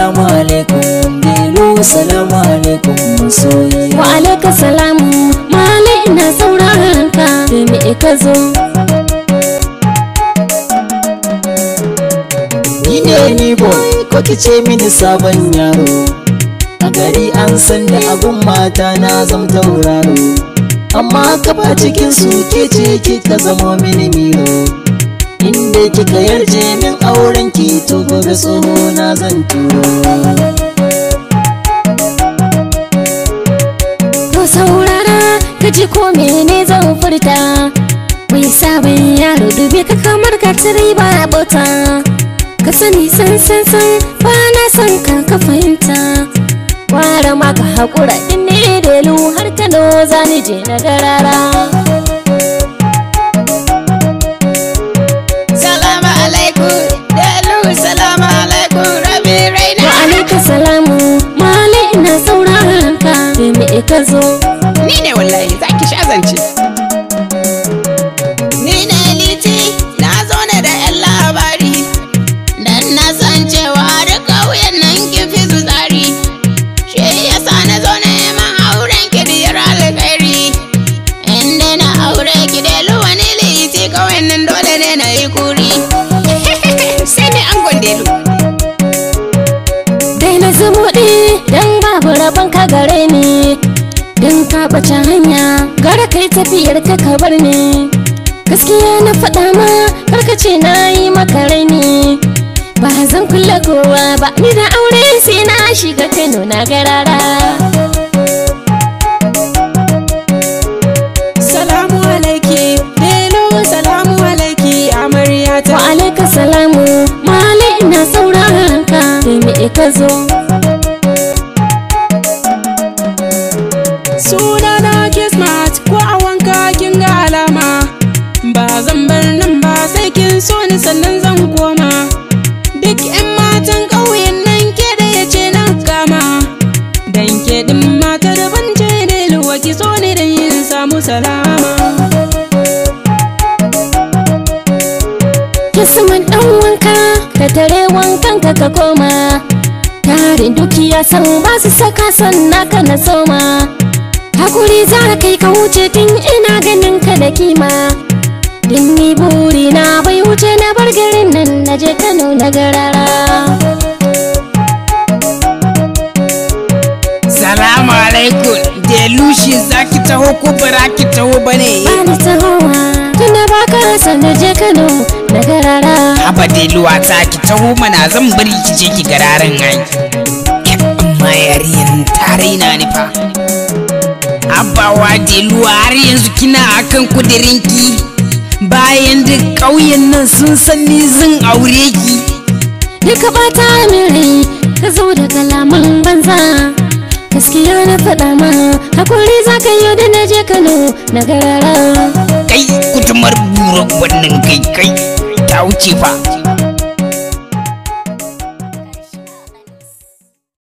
salamu alaikum Delu salamu alaikum masoyiya Wa alaika salamu Mali ina sauraron ka Demi ka zo Ni ne ni boy ko kice mini sabon yaro A gari an san da abun mata na zam tauraro Amma ka ba cikin su ke ce kika zama mini miro Inda kika yarje min auren da tsoho na zan turo to saurara ka ji ko mene zan furta wai sabon yaro dube ka kamar ka tiri ba bota ka sani san san san ba na san ka ka fahimta wara ma ka haƙura in da da har kano zani je na garara zo ni ne wallahi za ki sha zance ni ne liti na zo ne da yan labari dan na san cewa da ƙauyen nan fi su tsari shi yasa na zo neman auren ki yar alkhairi inda na aure ki da luwani liti ƙauyen nan dole ne na yi kuri sai an delu dai na zumuɗi dan babu rabon ka gare ni ka ɓace hanya gara kai tafiyar ka ka bar ni gaskiya na faɗa ma karkace na yi maka raini ba zan kula kowa ba ni da aure sai na shiga kano na garara salamu alaiki lelo salamu alaiki amarya ta wa salamu mali ina sauraron ka da me ka zo sannan zan koma duk 'yan matan ƙauyen nan ke da ya ce na kama dan ɗin mata da bance ne luwa ki so ne da yin samu salama Kisuman ɗan wanka da tare wankan ka ka koma tarin dukiya san basu saka son naka na soma hakuri za kai ka wuce tun ina ganin madarara salamu alaikum delushi za ki taho ko bara ki taho ba ne ba ni tahowa tunda ba ka sanar je kano na garara haba deluwa ta ki taho mana zan bari ki je ki gararin ai amma yariyar tare na ni fa abawa deluwa har yanzu kina akan kudirinki bayan duk ƙauyen nan sun san ni zan aure ki ka bata min rai ka zo da kalaman banza gaskiya na faɗa ma hakuri za ka yi da na je kano na garara kai kutumar burar wannan kai kai ta wuce fa